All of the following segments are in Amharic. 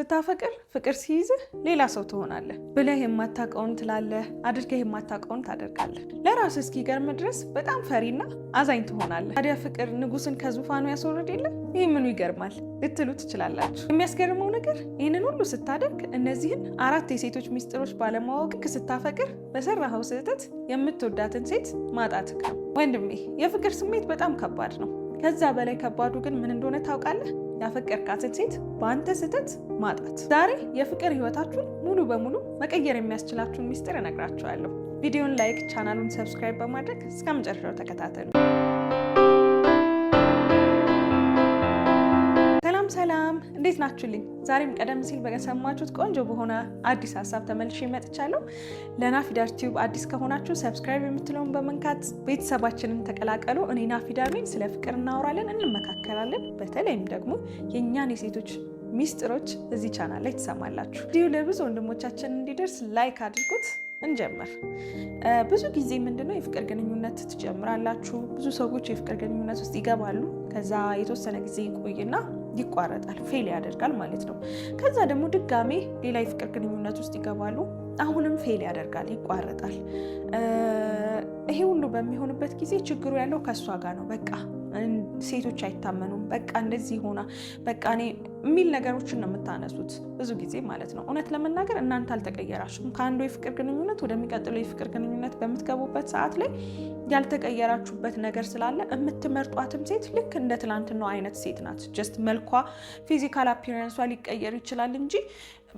ስታፈቅር ፍቅር ሲይዝህ ሌላ ሰው ትሆናለህ። ብለህ የማታውቀውን ትላለህ፣ አድርገህ የማታውቀውን ታደርጋለህ። ለራስህ እስኪገርም ድረስ በጣም ፈሪና አዛኝ ትሆናለህ። ታዲያ ፍቅር ንጉስን ከዙፋኑ ያስወርድ የለ? ይህ ምኑ ይገርማል ልትሉ ትችላላችሁ። የሚያስገርመው ነገር ይህንን ሁሉ ስታደርግ እነዚህን አራት የሴቶች ሚስጥሮች ባለማወቅ ስታፈቅር በሰራኸው ስህተት የምትወዳትን ሴት ማጣትህ ነው። ወንድሜ የፍቅር ስሜት በጣም ከባድ ነው። ከዛ በላይ ከባዱ ግን ምን እንደሆነ ታውቃለህ? ያፈቀርካትን ሴት በአንተ ስህተት ማጣት። ዛሬ የፍቅር ህይወታችሁን ሙሉ በሙሉ መቀየር የሚያስችላችሁን ሚስጥር እነግራችኋለሁ። ቪዲዮን ላይክ፣ ቻናሉን ሰብስክራይብ በማድረግ እስከ መጨረሻው ተከታተሉ። ሰላም እንዴት ናችሁልኝ? ዛሬም ቀደም ሲል በሰማችሁት ቆንጆ በሆነ አዲስ ሀሳብ ተመልሼ መጥቻለሁ። ለናፊዳር ቲዩብ አዲስ ከሆናችሁ ሰብስክራይብ የምትለውን በመንካት ቤተሰባችንን ተቀላቀሉ። እኔ ናፊዳር ስለ ፍቅር እናወራለን፣ እንመካከላለን። በተለይም ደግሞ የእኛን የሴቶች ሚስጥሮች እዚህ ቻናል ላይ ትሰማላችሁ። ዲሁ ለብዙ ወንድሞቻችን እንዲደርስ ላይክ አድርጉት። እንጀምር። ብዙ ጊዜ ምንድነው የፍቅር ግንኙነት ትጀምራላችሁ። ብዙ ሰዎች የፍቅር ግንኙነት ውስጥ ይገባሉ። ከዛ የተወሰነ ጊዜ ይቆይና ይቋረጣል፣ ፌል ያደርጋል ማለት ነው። ከዛ ደግሞ ድጋሜ ሌላ የፍቅር ግንኙነት ውስጥ ይገባሉ፣ አሁንም ፌል ያደርጋል፣ ይቋረጣል። ይሄ ሁሉ በሚሆንበት ጊዜ ችግሩ ያለው ከእሷ ጋር ነው በቃ ሴቶች አይታመኑም፣ በቃ እንደዚህ ሆና በቃ እኔ የሚል ነገሮችን ነው የምታነሱት ብዙ ጊዜ ማለት ነው። እውነት ለመናገር እናንተ አልተቀየራችሁም። ከአንዱ የፍቅር ግንኙነት ወደሚቀጥለው የፍቅር ግንኙነት በምትገቡበት ሰዓት ላይ ያልተቀየራችሁበት ነገር ስላለ የምትመርጧትም ሴት ልክ እንደ ትናንትናው አይነት ሴት ናት። ጀስት መልኳ፣ ፊዚካል አፒራንሷ ሊቀየር ይችላል እንጂ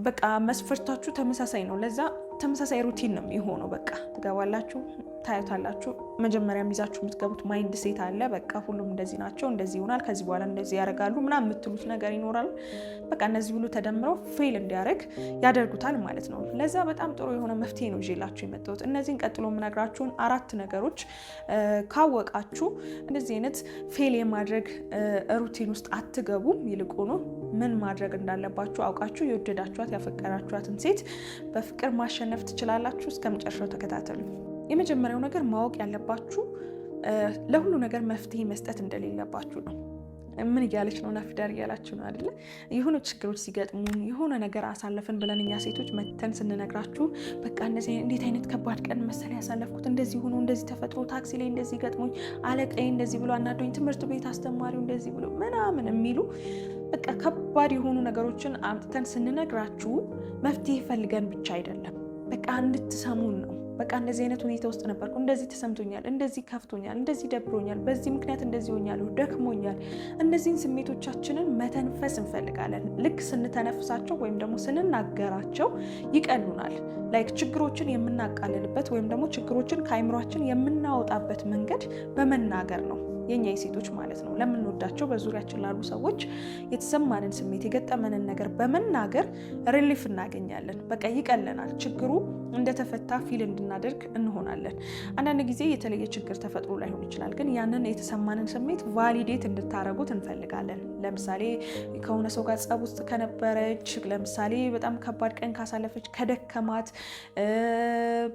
በቃ መስፈርታችሁ ተመሳሳይ ነው። ለዛ ተመሳሳይ ሩቲን ነው የሆነው። በቃ ትገባላችሁ፣ ታያታላችሁ መጀመሪያ ይዛችሁ የምትገቡት ማይንድ ሴት አለ። በቃ ሁሉም እንደዚህ ናቸው፣ እንደዚህ ይሆናል፣ ከዚህ በኋላ እንደዚህ ያደርጋሉ ምናምን የምትሉት ነገር ይኖራል። በቃ እነዚህ ሁሉ ተደምረው ፌል እንዲያደርግ ያደርጉታል ማለት ነው። ለዛ በጣም ጥሩ የሆነ መፍትሄ ነው ይዤላችሁ የመጣሁት። እነዚህን ቀጥሎ የምነግራችሁን አራት ነገሮች ካወቃችሁ እንደዚህ አይነት ፌል የማድረግ ሩቲን ውስጥ አትገቡም። ይልቁኑ ምን ማድረግ እንዳለባችሁ አውቃችሁ የወደዳችኋት ያፈቀራችኋትን ሴት በፍቅር ማሸነፍ ትችላላችሁ። እስከ መጨረሻው ተከታተሉ። የመጀመሪያው ነገር ማወቅ ያለባችሁ ለሁሉ ነገር መፍትሄ መስጠት እንደሌለባችሁ ነው። ምን እያለች ነው ነፍደር እያላችሁ ነው አይደለ? የሆነ ችግሮች ሲገጥሙን የሆነ ነገር አሳለፍን ብለን እኛ ሴቶች መተን ስንነግራችሁ በቃ እንደዚህ እንዴት አይነት ከባድ ቀን መሰል ያሳለፍኩት እንደዚህ ሆኖ እንደዚህ ተፈጥሮ ታክሲ ላይ እንደዚህ ገጥሞኝ አለቀይ እንደዚህ ብሎ አናዶኝ ትምህርት ቤት አስተማሪው እንደዚህ ብሎ ምናምን የሚሉ በቃ ከባድ የሆኑ ነገሮችን አምጥተን ስንነግራችሁ መፍትሄ ፈልገን ብቻ አይደለም፣ በቃ እንድትሰሙን ነው በቃ እንደዚህ አይነት ሁኔታ ውስጥ ነበርኩ፣ እንደዚህ ተሰምቶኛል፣ እንደዚህ ከፍቶኛል፣ እንደዚህ ደብሮኛል፣ በዚህ ምክንያት እንደዚህ ሆኛለሁ፣ ደክሞኛል። እነዚህን ስሜቶቻችንን መተንፈስ እንፈልጋለን። ልክ ስንተነፍሳቸው ወይም ደግሞ ስንናገራቸው ይቀሉናል። ላይክ ችግሮችን የምናቃልልበት ወይም ደግሞ ችግሮችን ከአይምሯችን የምናወጣበት መንገድ በመናገር ነው። የኛ የሴቶች ማለት ነው ለምንወዳቸው በዙሪያችን ላሉ ሰዎች የተሰማንን ስሜት የገጠመንን ነገር በመናገር ሪሊፍ እናገኛለን። በቃ ይቀለናል። ችግሩ እንደተፈታ ፊል እንድናደርግ እንሆናለን። አንዳንድ ጊዜ የተለየ ችግር ተፈጥሮ ላይሆን ይችላል፣ ግን ያንን የተሰማንን ስሜት ቫሊዴት እንድታረጉት እንፈልጋለን። ለምሳሌ ከሆነ ሰው ጋር ጸብ ውስጥ ከነበረች፣ ለምሳሌ በጣም ከባድ ቀን ካሳለፈች፣ ከደከማት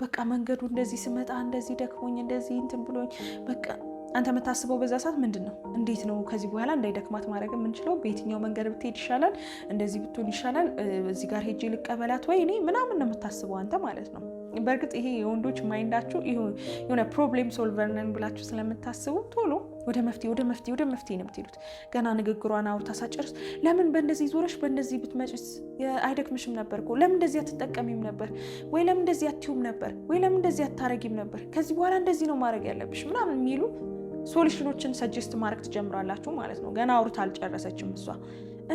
በቃ መንገዱ እንደዚህ ስመጣ እንደዚህ ደክሞኝ እንደዚህ እንትን ብሎኝ በቃ አንተ የምታስበው በዛ ሰዓት ምንድን ነው? እንዴት ነው ከዚህ በኋላ እንዳይደክማት ማድረግ የምንችለው? በየትኛው መንገድ ብትሄድ ይሻላል? እንደዚህ ብትሆን ይሻላል? እዚህ ጋር ሄጄ ልቀበላት ወይ እኔ ምናምን ነው የምታስበው አንተ ማለት ነው። በእርግጥ ይሄ የወንዶች ማይንዳችሁ የሆነ ፕሮብሌም ሶልቨር ነን ብላችሁ ስለምታስቡ ቶሎ ወደ መፍትሄ ወደ መፍትሄ ወደ መፍትሄ ነው የምትሄዱት። ገና ንግግሯን አውርታ ሳጨርስ ለምን በእንደዚህ ዞረሽ በእንደዚህ ብትመጭስ አይደክምሽም ነበር እኮ ለምን እንደዚህ አትጠቀሚም ነበር ወይ ለምን እንደዚህ አትዩም ነበር ወይ ለምን እንደዚህ አታረጊም ነበር ከዚህ በኋላ እንደዚህ ነው ማድረግ ያለብሽ ምናምን የሚሉ ሶሉሽኖችን ሰጀስት ማድረግ ትጀምራላችሁ ማለት ነው። ገና አውርታ አልጨረሰችም እሷ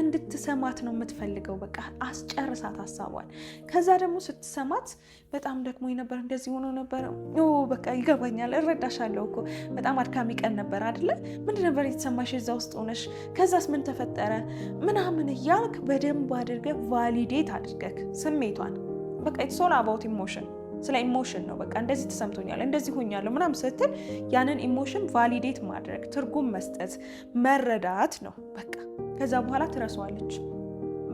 እንድትሰማት ነው የምትፈልገው። በቃ አስጨርሳት ሀሳቧን። ከዛ ደግሞ ስትሰማት በጣም ደግሞ ነበር እንደዚህ ሆኖ ነበረ። በቃ ይገባኛል፣ እረዳሻለሁ እኮ በጣም አድካሚ ቀን ነበር አይደለ? ምንድን ነበር የተሰማሽ እዛ ውስጥ ሆነሽ? ከዛስ ምን ተፈጠረ? ምናምን እያልክ በደንብ አድርገህ ቫሊዴት አድርገህ ስሜቷን በቃ ኢትስ ኦል አባውት ኢሞሽን ስለ ኢሞሽን ነው። በቃ እንደዚህ ተሰምቶኛል፣ እንደዚህ ሆኛለሁ ምናም ስትል ያንን ኢሞሽን ቫሊዴት ማድረግ ትርጉም መስጠት መረዳት ነው። በቃ ከዛ በኋላ ትረሷዋለች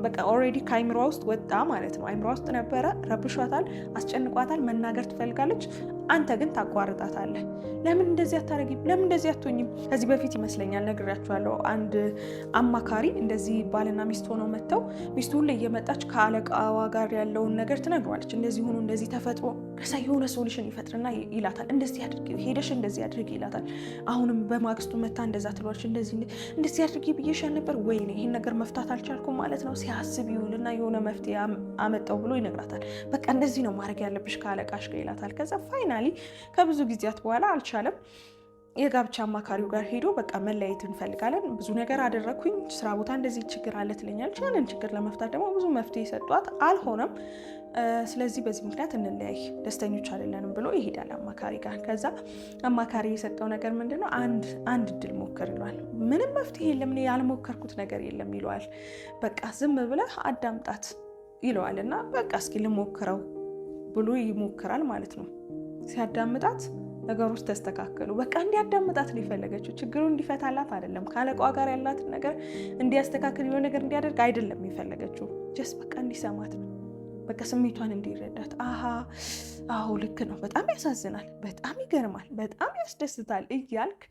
በቃ ኦልሬዲ ከአይምሯ ውስጥ ወጣ ማለት ነው። አይምሯ ውስጥ ነበረ፣ ረብሿታል፣ አስጨንቋታል፣ መናገር ትፈልጋለች፣ አንተ ግን ታቋርጣታለህ። ለምን እንደዚህ አታረጊም? ለምን እንደዚህ አትሆኝም? ከዚህ በፊት ይመስለኛል ነግሬያችኋለሁ። አንድ አማካሪ እንደዚህ ባልና ሚስት ሆነው መጥተው ሚስቱ ሁሌ እየመጣች ከአለቃዋ ጋር ያለውን ነገር ትነግሯለች። እንደዚህ ሆኖ እንደዚህ ተፈጥሮ ከዛ የሆነ ሶሉሽን ይፈጥርና ይላታል፣ እንደዚህ አድርጊ ሄደሽ እንደዚህ አድርጊ ይላታል። አሁንም በማግስቱ መታ እንደዛ ትሏልሽ፣ እንደዚህ እንደዚህ አድርጊ ብዬሻል ነበር ወይ ይህን ነገር መፍታት አልቻልኩም ማለት ነው። ሲያስብ ይውልና የሆነ መፍትሄ አመጣው ብሎ ይነግራታል። በቃ እንደዚህ ነው ማድረግ ያለብሽ ከአለቃሽ ጋር ይላታል። ከዛ ፋይናሊ ከብዙ ጊዜያት በኋላ አልቻለም የጋብቻ አማካሪው ጋር ሄዶ በቃ መለያየት እንፈልጋለን፣ ብዙ ነገር አደረግኩኝ፣ ስራ ቦታ እንደዚህ ችግር አለ ትለኛለች። ያንን ችግር ለመፍታት ደግሞ ብዙ መፍትሄ ሰጧት፣ አልሆነም። ስለዚህ በዚህ ምክንያት እንለያይ፣ ደስተኞች አይደለንም ብሎ ይሄዳል አማካሪ ጋር። ከዛ አማካሪ የሰጠው ነገር ምንድን ነው? አንድ እድል ሞክር ይለዋል። ምንም መፍትሄ የለም ያልሞከርኩት ነገር የለም ይለዋል። በቃ ዝም ብለህ አዳምጣት ይለዋል። እና በቃ እስኪ ልሞክረው ብሎ ይሞክራል ማለት ነው ሲያዳምጣት ነገሮች ተስተካከሉ። በቃ እንዲያዳምጣት ነው የፈለገችው። ችግሩን እንዲፈታላት አይደለም፣ ካለቋ ጋር ያላትን ነገር እንዲያስተካክል የሆነ ነገር እንዲያደርግ አይደለም የፈለገችው። ጀስ በቃ እንዲሰማት ነው፣ በቃ ስሜቷን እንዲረዳት። አሀ አሁ ልክ ነው፣ በጣም ያሳዝናል፣ በጣም ይገርማል፣ በጣም ያስደስታል እያልክ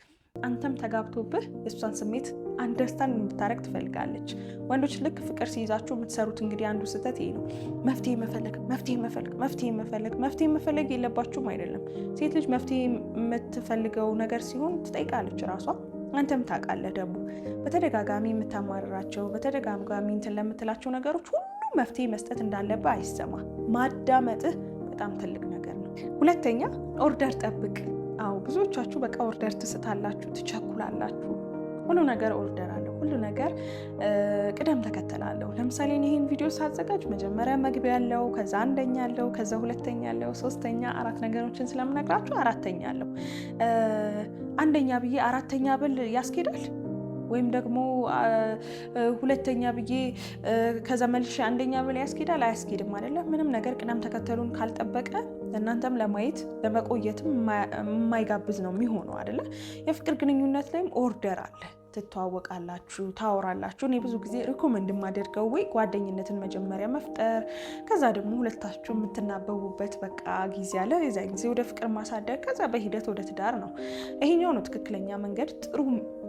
አንተም ተጋብቶብህ የእሷን ስሜት አንደርስታንድ እንድታደረግ ትፈልጋለች። ወንዶች ልክ ፍቅር ሲይዛችሁ የምትሰሩት እንግዲህ አንዱ ስህተት ይሄ ነው። መፍትሄ መፈለግ መፍትሄ መፈለግ መፍትሄ መፈለግ መፍትሄ መፈለግ የለባችሁም አይደለም። ሴት ልጅ መፍትሄ የምትፈልገው ነገር ሲሆን ትጠይቃለች ራሷ። አንተም ታውቃለህ ደግሞ በተደጋጋሚ የምታማርራቸው በተደጋጋሚ እንትን ለምትላቸው ነገሮች ሁሉ መፍትሄ መስጠት እንዳለብህ አይሰማ። ማዳመጥህ በጣም ትልቅ ነገር ነው። ሁለተኛ ኦርደር ጠብቅ አዎ ብዙዎቻችሁ በቃ ኦርደር ትስታላችሁ፣ ትቸኩላላችሁ። ሁሉ ነገር ኦርደር አለው፣ ሁሉ ነገር ቅደም ተከተል አለው። ለምሳሌ ይህን ቪዲዮ ሳዘጋጅ መጀመሪያ መግቢያ ያለው፣ ከዛ አንደኛ ያለው፣ ከዛ ሁለተኛ ያለው፣ ሶስተኛ፣ አራት ነገሮችን ስለምነግራችሁ አራተኛ ያለው አንደኛ ብዬ አራተኛ ብል ያስኬዳል ወይም ደግሞ ሁለተኛ ብዬ ከዛ መልሼ አንደኛ ብል ያስኬዳል? አያስኬድም አይደለም። ምንም ነገር ቅደም ተከተሉን ካልጠበቀ እናንተም ለማየት ለመቆየትም የማይጋብዝ ነው የሚሆነው አይደለ? የፍቅር ግንኙነት ላይም ኦርደር አለ። ትተዋወቃላችሁ፣ ታወራላችሁ። እኔ ብዙ ጊዜ ሪኮመንድ የማደርገው ወይ ጓደኝነትን መጀመሪያ መፍጠር፣ ከዛ ደግሞ ሁለታችሁ የምትናበቡበት በቃ ጊዜ አለ። የዛ ጊዜ ወደ ፍቅር ማሳደግ፣ ከዛ በሂደት ወደ ትዳር ነው። ይሄኛው ነው ትክክለኛ መንገድ፣ ጥሩ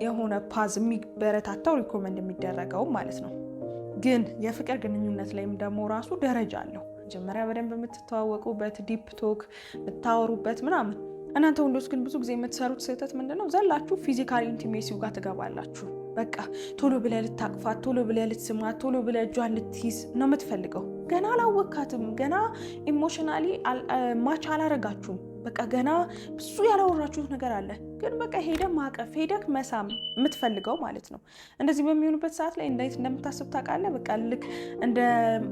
የሆነ ፓዝ የሚበረታታው ሪኮመንድ የሚደረገው ማለት ነው። ግን የፍቅር ግንኙነት ላይም ደግሞ ራሱ ደረጃ አለው። መጀመሪያ በደንብ የምትተዋወቁበት ዲፕ ቶክ የምታወሩበት ምናምን። እናንተ ወንዶች ግን ብዙ ጊዜ የምትሰሩት ስህተት ምንድነው ዘላችሁ ፊዚካል ኢንቲሜሲው ጋር ትገባላችሁ። በቃ ቶሎ ብለህ ልታቅፋት፣ ቶሎ ብለህ ልትስማት፣ ቶሎ ብለህ እጇን ልትይዝ ነው የምትፈልገው። ገና አላወካትም። ገና ኢሞሽናሊ ማች አላረጋችሁም። በቃ ገና ብዙ ያላወራችሁት ነገር አለ። ግን በቃ ሄደ ማቀፍ ሄደ መሳም የምትፈልገው ማለት ነው። እንደዚህ በሚሆንበት ሰዓት ላይ እንዴት እንደምታስብ ታውቃለህ። በቃ ልክ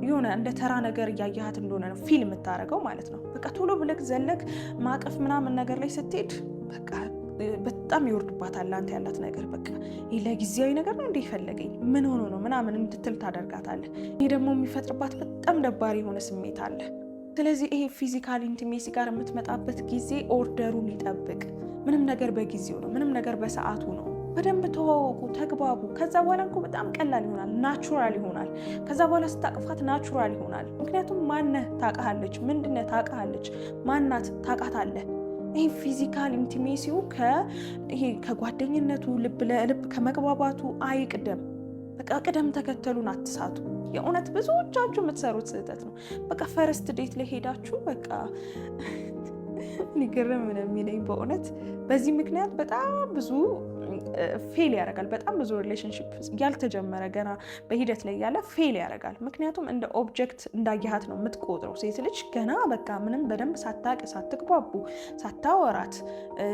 የሆነ እንደ ተራ ነገር እያየሃት እንደሆነ ነው ፊል የምታደርገው ማለት ነው። በቃ ቶሎ ብለክ ዘለክ ማቀፍ ምናምን ነገር ላይ ስትሄድ በቃ በጣም ይወርድባታል ለአንተ ያላት ነገር። በቃ ይህ ለጊዜያዊ ነገር ነው እንዴ ይፈለገኝ ምን ሆኖ ነው ምናምን እንድትል ታደርጋታለህ። ይህ ደግሞ የሚፈጥርባት በጣም ደባሪ የሆነ ስሜት አለ። ስለዚህ ይሄ ፊዚካል ኢንቲሜሲ ጋር የምትመጣበት ጊዜ ኦርደሩን ይጠብቅ። ምንም ነገር በጊዜው ነው፣ ምንም ነገር በሰዓቱ ነው። በደንብ ተዋወቁ፣ ተግባቡ። ከዛ በኋላ እኮ በጣም ቀላል ይሆናል፣ ናቹራል ይሆናል። ከዛ በኋላ ስታቅፋት ናቹራል ይሆናል። ምክንያቱም ማነህ ታቃለች ምንድነህ ታቃለች? ማናት ታውቃታለህ። ይህ ፊዚካል ኢንቲሜሲው ይሄ ከጓደኝነቱ ልብ ለልብ ከመግባባቱ አይቅደም። በቃ ቅደም ተከተሉን አትሳቱ። የእውነት ብዙዎቻችሁ የምትሰሩት ስህተት ነው። በቃ ፈረስት ዴት ለሄዳችሁ በቃ ንግርም ነው የሚለኝ በእውነት በዚህ ምክንያት በጣም ብዙ ፌል ያደርጋል። በጣም ብዙ ሪሌሽንሽፕ ያልተጀመረ ገና በሂደት ላይ ያለ ፌል ያደርጋል። ምክንያቱም እንደ ኦብጀክት እንዳየሃት ነው የምትቆጥረው። ሴት ልጅ ገና በቃ ምንም በደንብ ሳታቅ ሳትግባቡ፣ ሳታወራት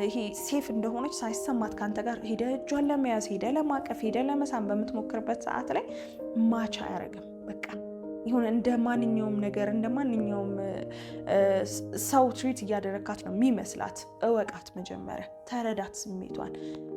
ይሄ ሴፍ እንደሆነች ሳይሰማት ከአንተ ጋር ሄደ እጇን ለመያዝ ሄደ ለማቀፍ ሄደ ለመሳም በምትሞክርበት ሰዓት ላይ ማች አያደርግም። በቃ ይሁን እንደ ማንኛውም ነገር እንደ ማንኛውም ሰው ትሪት እያደረካት ነው የሚመስላት። እወቃት፣ መጀመሪያ ተረዳት ስሜቷን።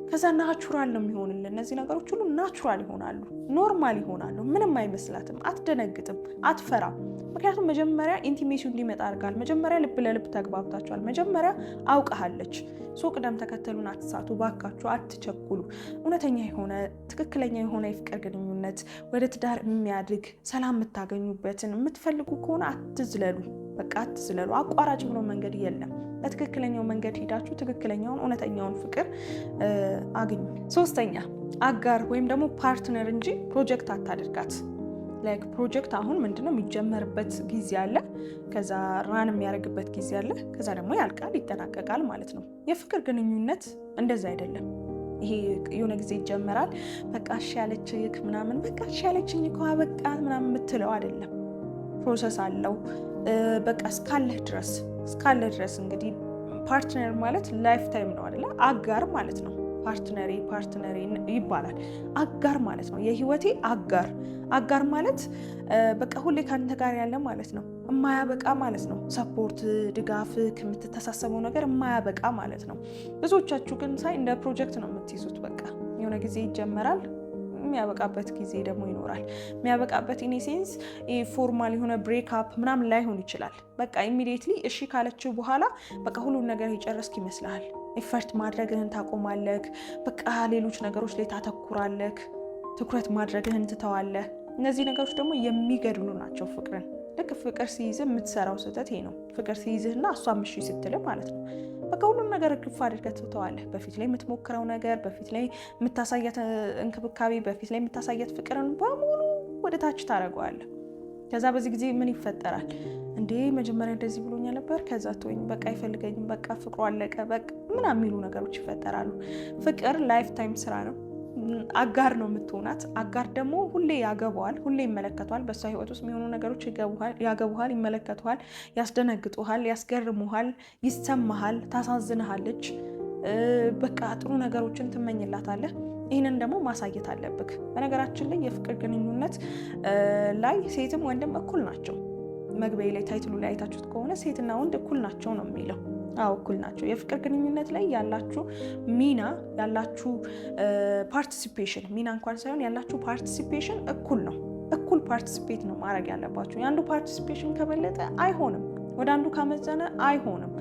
ከዛ ናቹራል ነው የሚሆንልን። እነዚህ ነገሮች ሁሉ ናቹራል ይሆናሉ፣ ኖርማል ይሆናሉ። ምንም አይመስላትም፣ አትደነግጥም፣ አትፈራም። ምክንያቱም መጀመሪያ ኢንቲሜሽን እንዲመጣ አድርጋል። መጀመሪያ ልብ ለልብ ተግባብታችኋል። መጀመሪያ አውቀሃለች። ሶ ቅደም ተከተሉን አትሳቱ ባካችሁ፣ አትቸኩሉ። እውነተኛ የሆነ ትክክለኛ የሆነ የፍቅር ግንኙነት ወደ ትዳር የሚያድግ ሰላም የምታገ የምታገኙበትን የምትፈልጉ ከሆነ አትዝለሉ። በቃ አትዝለሉ። አቋራጭ ብሎ መንገድ የለም። በትክክለኛው መንገድ ሄዳችሁ ትክክለኛውን እውነተኛውን ፍቅር አግኙ። ሶስተኛ አጋር ወይም ደግሞ ፓርትነር እንጂ ፕሮጀክት አታደርጋት። ላይክ ፕሮጀክት አሁን ምንድነው የሚጀመርበት ጊዜ አለ፣ ከዛ ራን የሚያደርግበት ጊዜ አለ፣ ከዛ ደግሞ ያልቃል፣ ይጠናቀቃል ማለት ነው። የፍቅር ግንኙነት እንደዛ አይደለም። ይሄ የሆነ ጊዜ ይጀመራል። በቃ እሺ ያለች ይክ ምናምን በቃ እሺ ያለችኝ ከዋ በቃ ምናምን የምትለው አይደለም። ፕሮሰስ አለው። በቃ እስካለህ ድረስ እስካለህ ድረስ እንግዲህ ፓርትነር ማለት ላይፍ ታይም ነው አይደለ? አጋር ማለት ነው። ፓርትነሪ ፓርትነሪ ይባላል። አጋር ማለት ነው፣ የህይወቴ አጋር። አጋር ማለት በቃ ሁሌ ከአንተ ጋር ያለ ማለት ነው። የማያበቃ ማለት ነው። ሰፖርት፣ ድጋፍ ከምትተሳሰበው ነገር የማያበቃ ማለት ነው። ብዙዎቻችሁ ግን ሳይ እንደ ፕሮጀክት ነው የምትይዙት። በቃ የሆነ ጊዜ ይጀመራል የሚያበቃበት ጊዜ ደግሞ ይኖራል። የሚያበቃበት ኢኔሴንስ ፎርማል የሆነ ብሬክ አፕ ምናምን ላይሆን ይችላል። በቃ ኢሚዲየትሊ እሺ ካለችው በኋላ በቃ ሁሉን ነገር የጨረስክ ይመስልሃል። ኤፈርት ማድረግህን ታቆማለህ። በቃ ሌሎች ነገሮች ላይ ታተኩራለህ። ትኩረት ማድረግህን ትተዋለህ። እነዚህ ነገሮች ደግሞ የሚገድሉ ናቸው ፍቅርን ልክ ፍቅር ሲይዝህ የምትሰራው ስህተት ይሄ ነው። ፍቅር ሲይዝህና እሷ ምሽ ስትል ማለት ነው። በቃ ሁሉም ነገር ግፍ አድርገህ ትተዋለህ። በፊት ላይ የምትሞክረው ነገር፣ በፊት ላይ የምታሳያት እንክብካቤ፣ በፊት ላይ የምታሳያት ፍቅርን በሙሉ ወደ ታች ታደርገዋለህ። ከዛ በዚህ ጊዜ ምን ይፈጠራል? እንዴ መጀመሪያ እንደዚህ ብሎኛ ነበር፣ ከዛ ተወኝ፣ በቃ አይፈልገኝም፣ በቃ ፍቅሩ አለቀ፣ በቃ ምናምን የሚሉ ነገሮች ይፈጠራሉ። ፍቅር ላይፍ ታይም ስራ ነው። አጋር ነው የምትሆናት። አጋር ደግሞ ሁሌ ያገቧል፣ ሁሌ ይመለከተዋል። በእሷ ህይወት ውስጥ የሚሆኑ ነገሮች ያገቡሃል፣ ይመለከቱሃል፣ ያስደነግጡሃል፣ ያስገርሙሃል፣ ይሰማሃል፣ ታሳዝንሃለች። በቃ ጥሩ ነገሮችን ትመኝላታለህ። ይህንን ደግሞ ማሳየት አለብህ። በነገራችን ላይ የፍቅር ግንኙነት ላይ ሴትም ወንድም እኩል ናቸው። መግቢያ ላይ ታይትሉ ላይ አይታችሁት ከሆነ ሴትና ወንድ እኩል ናቸው ነው የሚለው አዎ እኩል ናቸው። የፍቅር ግንኙነት ላይ ያላችሁ ሚና ያላችሁ ፓርቲሲፔሽን ሚና እንኳን ሳይሆን ያላችሁ ፓርቲሲፔሽን እኩል ነው። እኩል ፓርቲሲፔት ነው ማድረግ ያለባችሁ። የአንዱ ፓርቲሲፔሽን ከበለጠ አይሆንም። ወደ አንዱ ካመዘነ አይሆንም።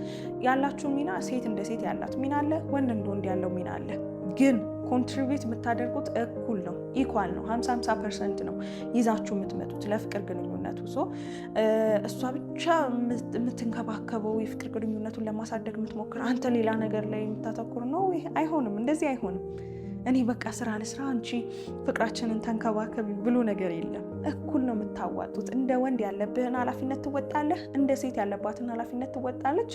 ያላችሁ ሚና ሴት እንደ ሴት ያላት ሚና አለ፣ ወንድ እንደ ወንድ ያለው ሚና አለ ግን ኮንትሪቢዩት የምታደርጉት እኩል ነው፣ ኢኳል ነው፣ 50 ፐርሰንት ነው ይዛችሁ የምትመጡት ለፍቅር ግንኙነቱ። ሶ እሷ ብቻ የምትንከባከበው የፍቅር ግንኙነቱን ለማሳደግ የምትሞክር አንተ ሌላ ነገር ላይ የምታተኩር ነው፣ አይሆንም፣ እንደዚህ አይሆንም። እኔ በቃ ስራ ለስራ አንቺ ፍቅራችንን ተንከባከቢ ብሎ ነገር የለም። እኩል ነው የምታዋጡት። እንደ ወንድ ያለብህን ኃላፊነት ትወጣለህ፣ እንደ ሴት ያለባትን ኃላፊነት ትወጣለች።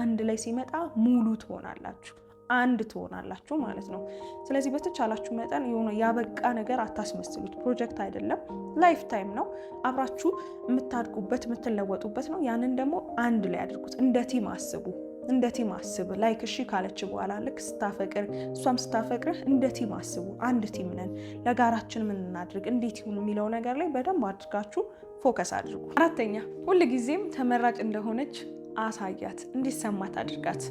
አንድ ላይ ሲመጣ ሙሉ ትሆናላችሁ። አንድ ትሆናላችሁ ማለት ነው። ስለዚህ በተቻላችሁ መጠን የሆነ ያበቃ ነገር አታስመስሉት። ፕሮጀክት አይደለም፣ ላይፍ ታይም ነው። አብራችሁ የምታድጉበት የምትለወጡበት ነው። ያንን ደግሞ አንድ ላይ አድርጉት። እንደ ቲም አስቡ እንደ ቲም አስብ። ላይክ እሺ ካለች በኋላ ልክ ስታፈቅር እሷም ስታፈቅርህ እንደ ቲም አስቡ። አንድ ቲም ነን፣ ለጋራችን ምን እናድርግ፣ እንዴት ይሁን የሚለው ነገር ላይ በደንብ አድርጋችሁ ፎከስ አድርጉ። አራተኛ ጊዜም ተመራጭ እንደሆነች አሳያት፣ እንዲሰማት አድርጋት።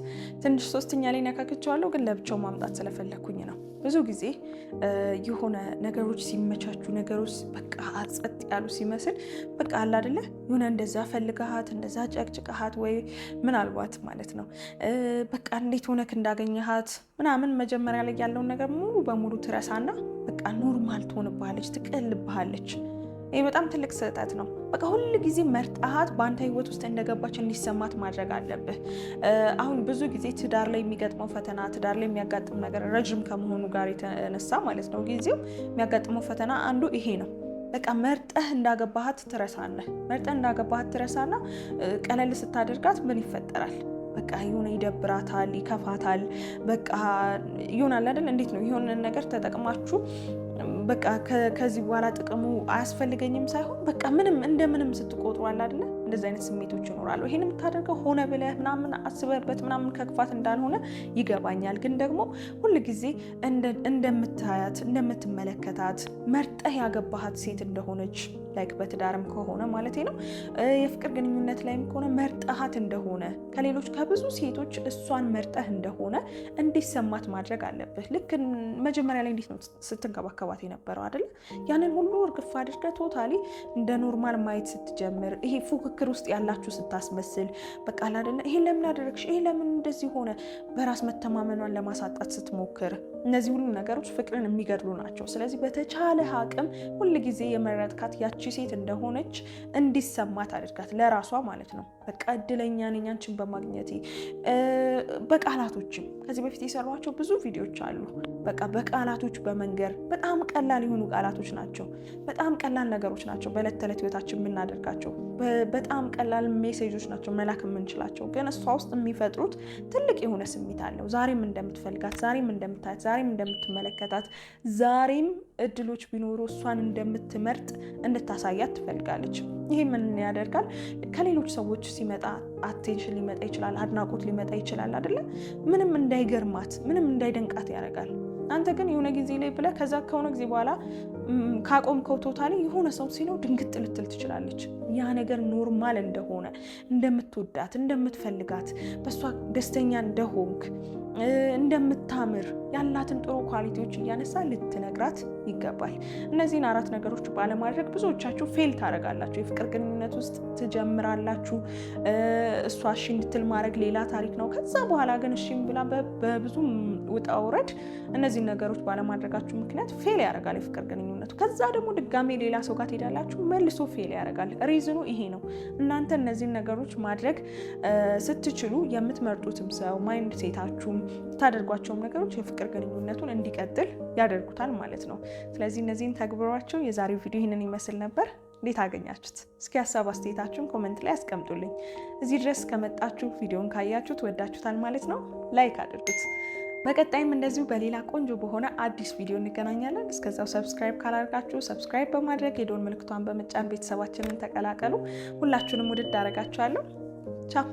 ትንሽ ሶስተኛ ላይ ነካክቸዋለሁ፣ ግን ለብቻው ማምጣት ስለፈለግኩኝ ነው። ብዙ ጊዜ የሆነ ነገሮች ሲመቻቹ ነገሮች በቃ ጸጥ ያሉ ሲመስል በቃ አለ አይደለ የሆነ እንደዛ ፈልገሃት እንደዛ ጨቅጭቀሃት ወይ ምናልባት ማለት ነው በቃ እንዴት ሆነክ እንዳገኘሃት ምናምን መጀመሪያ ላይ ያለውን ነገር ሙሉ በሙሉ ትረሳና በቃ ኖርማል ትሆንብሃለች፣ ትቀልብሃለች። ይህ በጣም ትልቅ ስህተት ነው። በቃ ሁል ጊዜ መርጠሃት በአንተ ህይወት ውስጥ እንደገባች እንዲሰማት ማድረግ አለብህ። አሁን ብዙ ጊዜ ትዳር ላይ የሚገጥመው ፈተና ትዳር ላይ የሚያጋጥም ነገር ረጅም ከመሆኑ ጋር የተነሳ ማለት ነው ጊዜው የሚያጋጥመው ፈተና አንዱ ይሄ ነው። በቃ መርጠህ እንዳገባሃት ትረሳለህ። መርጠህ እንዳገባሃት ትረሳና ቀለል ስታደርጋት ምን ይፈጠራል? በቃ የሆነ ይደብራታል፣ ይከፋታል። በቃ ይሆናል አይደል? እንዴት ነው የሆነ ነገር ተጠቅማችሁ በቃ ከዚህ በኋላ ጥቅሙ አያስፈልገኝም ሳይሆን በቃ ምንም እንደምንም ስትቆጥሩ አለ አይደለ እንደዚህ አይነት ስሜቶች ይኖራሉ። ይሄን የምታደርገው ሆነ ብለህ ምናምን አስበህበት ምናምን ከክፋት እንዳልሆነ ይገባኛል። ግን ደግሞ ሁል ጊዜ እንደምታያት እንደምትመለከታት መርጠህ ያገባሃት ሴት እንደሆነች ላይክ በትዳርም ከሆነ ማለት ነው የፍቅር ግንኙነት ላይም ከሆነ መርጠሃት እንደሆነ ከሌሎች ከብዙ ሴቶች እሷን መርጠህ እንደሆነ እንዲሰማት ማድረግ አለብህ። ልክ መጀመሪያ ላይ እንዴት ነው ስትንከባከባት የነበረው አይደለ? ያንን ሁሉ እርግፍ አድርገህ ቶታሊ እንደ ኖርማል ማየት ስትጀምር ይሄ ፉክክ ፉክክር ውስጥ ያላችሁ ስታስመስል በቃል አደለ ይሄ ለምን አደረግሽ፣ ይሄ ለምን እንደዚህ ሆነ፣ በራስ መተማመኗን ለማሳጣት ስትሞክር እነዚህ ሁሉ ነገሮች ፍቅርን የሚገድሉ ናቸው። ስለዚህ በተቻለ አቅም ሁል ጊዜ የመረጥካት ያቺ ሴት እንደሆነች እንዲሰማት አድርጋት፣ ለራሷ ማለት ነው። በቃ እድለኛ ነኝ አንቺን በማግኘቴ። በቃላቶችም ከዚህ በፊት የሰሯቸው ብዙ ቪዲዮዎች አሉ። በቃ በቃላቶች በመንገር በጣም ቀላል የሆኑ ቃላቶች ናቸው። በጣም ቀላል ነገሮች ናቸው። በዕለት ተዕለት ህይወታችን የምናደርጋቸው በጣም ቀላል ሜሴጆች ናቸው መላክ የምንችላቸው፣ ግን እሷ ውስጥ የሚፈጥሩት ትልቅ የሆነ ስሜት አለው። ዛሬም እንደምትፈልጋት ዛሬም እንደምታያት ዛሬም እንደምትመለከታት ዛሬም እድሎች ቢኖሩ እሷን እንደምትመርጥ እንድታሳያት ትፈልጋለች። ይህ ምን ያደርጋል? ከሌሎች ሰዎች ሲመጣ አቴንሽን ሊመጣ ይችላል፣ አድናቆት ሊመጣ ይችላል አይደለ? ምንም እንዳይገርማት፣ ምንም እንዳይደንቃት ያደርጋል። አንተ ግን የሆነ ጊዜ ላይ ብለህ ከዛ ከሆነ ጊዜ በኋላ ካቆምከው ቶታሊ የሆነ ሰው ሲለው ድንግጥ ልትል ትችላለች። ያ ነገር ኖርማል እንደሆነ እንደምትወዳት እንደምትፈልጋት በእሷ ደስተኛ እንደሆንክ እንደምታምር ያላትን ጥሩ ኳሊቲዎች እያነሳ ልትነግራት ይገባል። እነዚህን አራት ነገሮች ባለማድረግ ብዙዎቻችሁ ፌል ታደርጋላችሁ። የፍቅር ግንኙነት ውስጥ ትጀምራላችሁ። እሷ እሺ እንድትል ማድረግ ሌላ ታሪክ ነው። ከዛ በኋላ ግን እሺም ብላ በብዙ ውጣ ውረድ እነዚህን ነገሮች ባለማድረጋችሁ ምክንያት ፌል ያደርጋል የፍቅር ግንኙነቱ። ከዛ ደግሞ ድጋሜ ሌላ ሰው ጋር ትሄዳላችሁ፣ መልሶ ፌል ያደርጋል። ሪዝኑ ይሄ ነው። እናንተ እነዚህን ነገሮች ማድረግ ስትችሉ የምትመርጡትም ሰው ማይንድ ሴታችሁም ታደርጓቸውም ነገሮች የፍቅር ግንኙነቱን እንዲቀጥል ያደርጉታል ማለት ነው። ስለዚህ እነዚህን ተግብሯቸው። የዛሬው ቪዲዮ ይህንን ይመስል ነበር። እንዴት አገኛችሁት? እስኪ ሀሳብ አስተያየታችሁን ኮመንት ላይ አስቀምጡልኝ። እዚህ ድረስ ከመጣችሁ ቪዲዮን ካያችሁት ወዳችሁታል ማለት ነው፣ ላይክ አድርጉት። በቀጣይም እንደዚሁ በሌላ ቆንጆ በሆነ አዲስ ቪዲዮ እንገናኛለን። እስከዛው ሰብስክራይብ ካላደርጋችሁ ሰብስክራይብ በማድረግ የዶን ምልክቷን በመጫን ቤተሰባችንን ተቀላቀሉ። ሁላችሁንም ውድድ አደርጋችኋለሁ። ቻው